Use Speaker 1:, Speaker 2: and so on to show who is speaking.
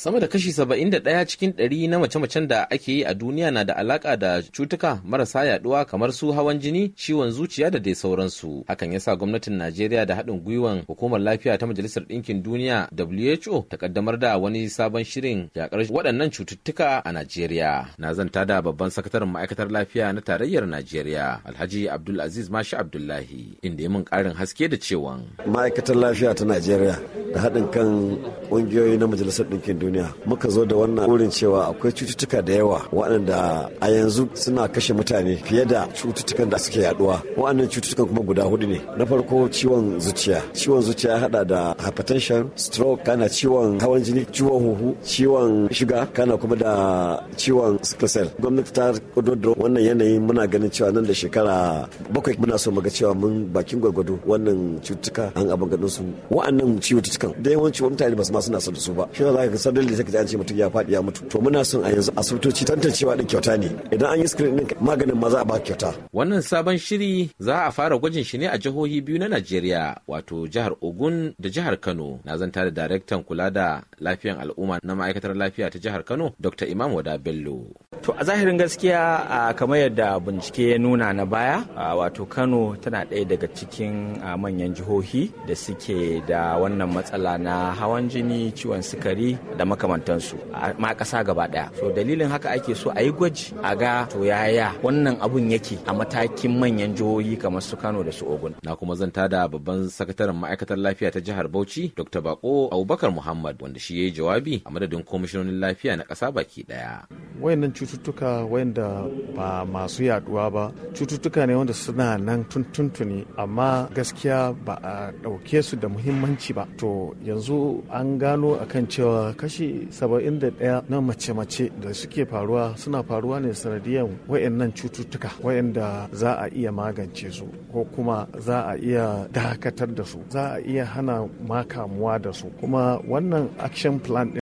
Speaker 1: Sama da kashi saba'in 71 cikin ɗari na mace-macen da ake yi a duniya na da alaka da cutuka marasa yaɗuwa, kamar su hawan jini, ciwon zuciya da dai sauransu. Hakan ya sa gwamnatin Najeriya da haɗin gwiwan hukumar lafiya ta Majalisar Ɗinkin Duniya WHO ta kaddamar da wani sabon shirin yakar waɗannan cututtuka a Najeriya. Na zanta da babban sakataren ma'aikatar lafiya na tarayyar Najeriya, Alhaji Abdul Aziz Mashi Abdullahi, inda ya min ƙarin haske da
Speaker 2: cewan. ma'aikatar lafiya ta Najeriya da haɗin kan ƙungiyoyi na majalisar ɗinkin duniya muka zo da wannan wurin cewa akwai cututtuka da yawa waɗanda a yanzu suna kashe mutane fiye da cututtukan da suke yaduwa waɗannan cututtukan kuma guda hudu ne na farko ciwon zuciya ciwon zuciya ya haɗa da hypertension stroke kana ciwon hawan jini ciwon huhu ciwon shiga kana kuma da ciwon sickle cell gwamnati ta kudurdo wannan yanayi muna ganin cewa nan da shekara bakwai muna so mu ga cewa mun bakin gwargwado wannan cututtuka an abin gadon su waɗannan ciwo kan da yawanci wani mutane ba su ma da su ba shi za ka sadar da take an ce mutum ya faɗi ya mutu to muna son a yanzu asibitoci tantancewa din kyauta ne idan an yi screen din maganin ma za a ba kyauta
Speaker 1: wannan sabon shiri za a fara gwajin shi ne a jihohi biyu na Najeriya wato jihar Ogun da jihar Kano na zanta da daraktan kula da lafiyan al'umma na ma'aikatar lafiya ta jihar Kano Dr. Imam Wada Bello To a zahirin gaskiya kamar
Speaker 3: yadda bincike ya nuna na baya wato Kano tana ɗaya daga cikin manyan jihohi da suke da wannan matsala na hawan jini ciwon sukari da makamantansu ma ƙasa gaba ɗaya. So dalilin haka ake so a yi gwaji a ga to yaya
Speaker 1: wannan abun yake a matakin manyan jihohi kamar su Kano da su Ogun. Na kuma zanta da babban sakataren ma'aikatar lafiya ta jihar Bauchi Dr. Bako Abubakar Muhammad wanda shi ya yi jawabi a madadin kwamishinonin lafiya na ƙasa baki ɗaya.
Speaker 4: wayannan cututtuka wayanda ba masu yaduwa ba cututtuka ne wanda suna nan tuntuntuni amma gaskiya ba a ɗauke su da muhimmanci ba to yanzu an gano akan cewa kashi 71 na mace-mace da suke faruwa suna faruwa ne sanadiyan wayannan cututtuka wayanda za a iya magance su ko kuma za a iya dakatar da su za a iya hana ma kamuwa da su kuma wannan action plan